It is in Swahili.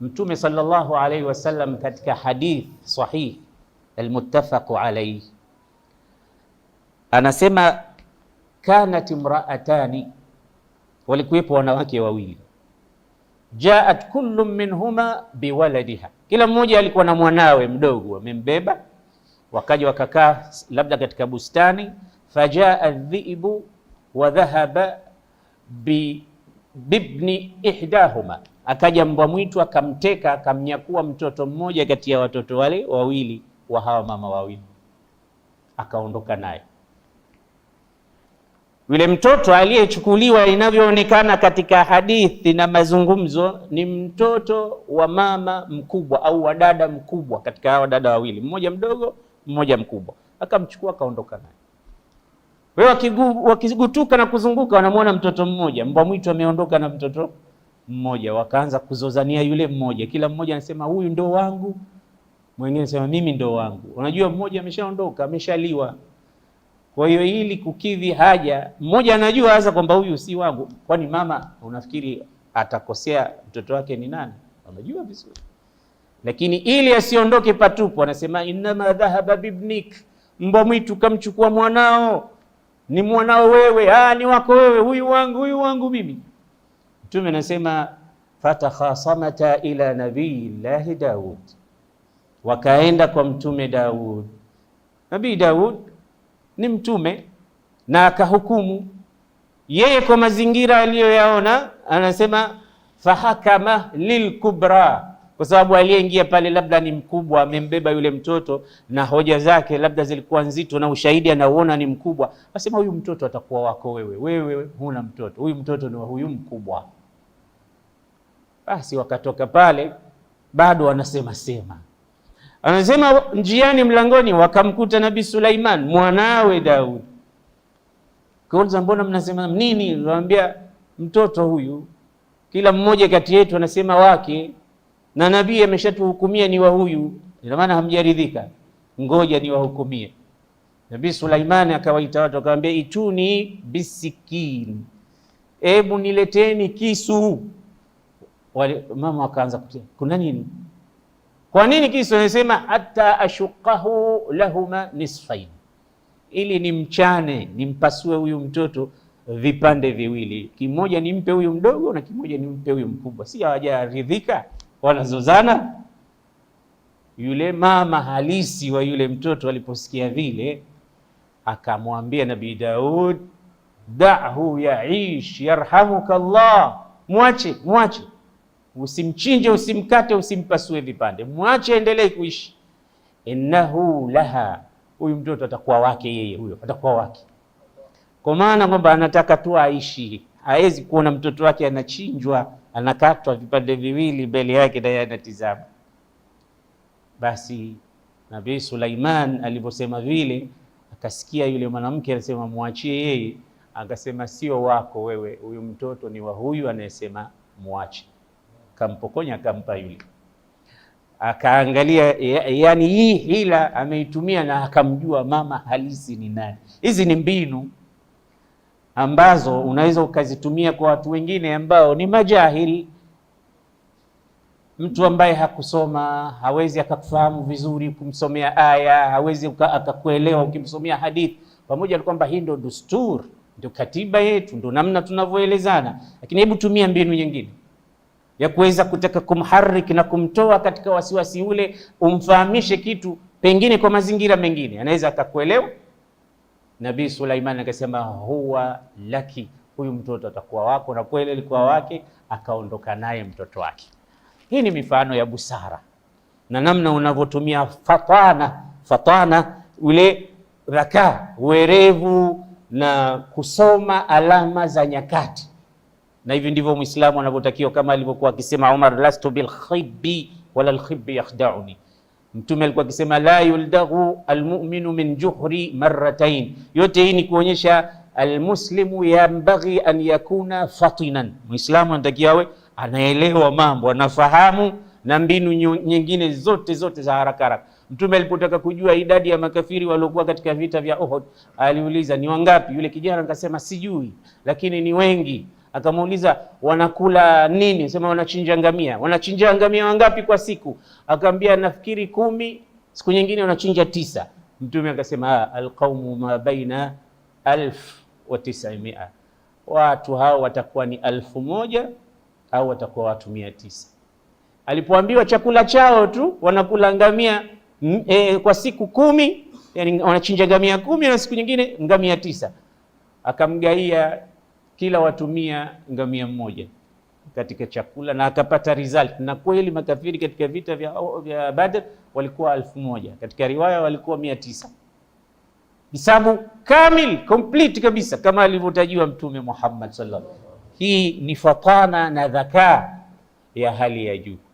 Mtume sallallahu alaihi wasallam katika hadith sahih almuttafaq alaihi anasema kanat imraatani, walikuwepo wanawake wawili, jaat kullu minhuma biwaladiha, kila mmoja alikuwa na mwanawe mdogo amembeba. Wakaja wakakaa labda katika bustani, fajaa dhibu wa dhahaba bibni ihdahuma Akaja mbwa mwitu akamteka, akamnyakua mtoto mmoja kati ya watoto wale wawili wa hawa mama wawili, akaondoka naye. Yule mtoto aliyechukuliwa, inavyoonekana katika hadithi na mazungumzo, ni mtoto wa mama mkubwa au wa dada mkubwa katika hawa dada wawili, mmoja mdogo, mmoja mkubwa. Akamchukua akaondoka naye. wakigutuka na kuzunguka, wanamwona mtoto mmoja, mbwa mwitu ameondoka na mtoto mmoja, wakaanza kuzozania yule mmoja, kila mmoja anasema huyu ndo wangu, mwingine anasema mimi ndo wangu. Unajua mmoja ameshaondoka, ameshaliwa. Kwa hiyo ili kukidhi haja, mmoja anajua hasa kwamba huyu si wangu. Kwani mama unafikiri atakosea mtoto wake ni nani? Amejua vizuri, lakini ili asiondoke patupu, anasema innama dhahaba bibnik, mbwa mwitu kamchukua mwanao, ni mwanao wewe. Ah, ni wako wewe, huyu wangu, huyu wangu mimi Mtume anasema fatakhasamata ila nabiyillahi Daud, wakaenda kwa mtume Daud. Nabii Daud ni mtume na akahukumu yeye kwa mazingira aliyoyaona, anasema fahakama lilkubra, kwa sababu aliyeingia pale labda ni mkubwa, amembeba yule mtoto na hoja zake labda zilikuwa nzito, na ushahidi anauona ni mkubwa, asema huyu mtoto atakuwa wako wewe, wewe huna mtoto, huyu mtoto ni wa huyu mkubwa. Basi wakatoka pale, bado wanasema sema, anasema njiani, mlangoni wakamkuta Nabii Sulaiman mwanawe Daudi. Kauliza, mbona mnasema nini? Niwaambia, mtoto huyu kila mmoja kati yetu anasema wake, na nabii ameshatuhukumia ni wa huyu, ina maana hamjaridhika, ngoja niwahukumie. Nabii Sulaiman akawaita watu akawambia ituni bisikini, ebu nileteni kisu wale mama wakaanza kutia kuna nini? Kwa nini kisa anasema hata ashukahu lahuma nisfain, ili nimchane nimpasue huyu mtoto vipande viwili, kimoja nimpe huyu mdogo na kimoja nimpe huyu mkubwa. Si hawajaridhika, wanazozana. Yule mama halisi wa yule mtoto aliposikia vile, akamwambia Nabii Daud, dahu yaish yarhamuka llah mwache mwache Usimchinje, usimkate, usimpasue vipande, mwache endelee kuishi. Innahu laha, huyu mtoto atakuwa wake yeye, huyo atakuwa wake, kwa maana kwamba anataka tu aishi. Hawezi kuona mtoto wake anachinjwa, anakatwa vipande viwili mbele yake, naye anatizama. Basi Nabii Sulaiman aliposema vile, akasikia yule mwanamke anasema mwachie yeye, akasema sio wako wewe, huyu mtoto ni wa huyu anayesema mwache akampokonya akampa yule, akaangalia yani hii hila ameitumia na akamjua mama halisi ni nani. Hizi ni mbinu ambazo unaweza ukazitumia kwa watu wengine ambao ni majahili, mtu ambaye hakusoma hawezi akakufahamu vizuri, kumsomea aya hawezi akakuelewa ukimsomea hadithi, pamoja na kwamba hii ndo dusturi, ndio katiba yetu, ndio namna tunavyoelezana, lakini hebu tumia mbinu nyingine ya kuweza kutaka kumharik na kumtoa katika wasiwasi ule, umfahamishe kitu pengine kwa mazingira mengine anaweza akakuelewa. Nabii Sulaiman akasema huwa laki, huyu mtoto atakuwa wako, na kweli alikuwa wake, akaondoka naye mtoto wake. Hii ni mifano ya busara na namna unavyotumia fatana, fatana ule raka werevu na kusoma alama za nyakati na hivi ndivyo Muislamu anavyotakiwa, kama alivyokuwa akisema Umar, lastu bil khibbi wala al khibbi yakhda'uni. Mtume alikuwa akisema la yuldaghu almu'minu min juhri marratain. Yote hii ni kuonyesha almuslimu yambaghi an yakuna fatinan, Muislamu anatakiwa awe anaelewa mambo, anafahamu na mbinu nyingine zote zote za haraka haraka. Mtume alipotaka kujua idadi ya makafiri waliokuwa katika vita vya Uhud, aliuliza ni wangapi? Yule kijana akasema sijui, lakini ni wengi. Akamuuliza, wanakula nini? Sema wanachinja ngamia. Wanachinja ngamia wangapi kwa siku? Akaambia, nafikiri kumi, siku nyingine wanachinja tisa. Mtume akasema, ah, alqaumu ma baina alf wa tisamia, watu hao watakuwa ni alfu moja au watakuwa watu mia tisa. Alipoambiwa chakula chao tu wanakula ngamia mm, e, kwa siku kumi, yani wanachinja ngamia kumi na siku nyingine ngamia tisa, akamgaia kila watumia ngamia mmoja katika chakula na akapata result. Na kweli makafiri katika vita vya, vya Badr walikuwa alfu moja katika riwaya walikuwa mia tisa hisabu kamil complete kabisa kama alivyotajiwa Mtume Muhammad sallallahu alaihi wasallam. Hii ni fatana na dhakaa ya hali ya juu.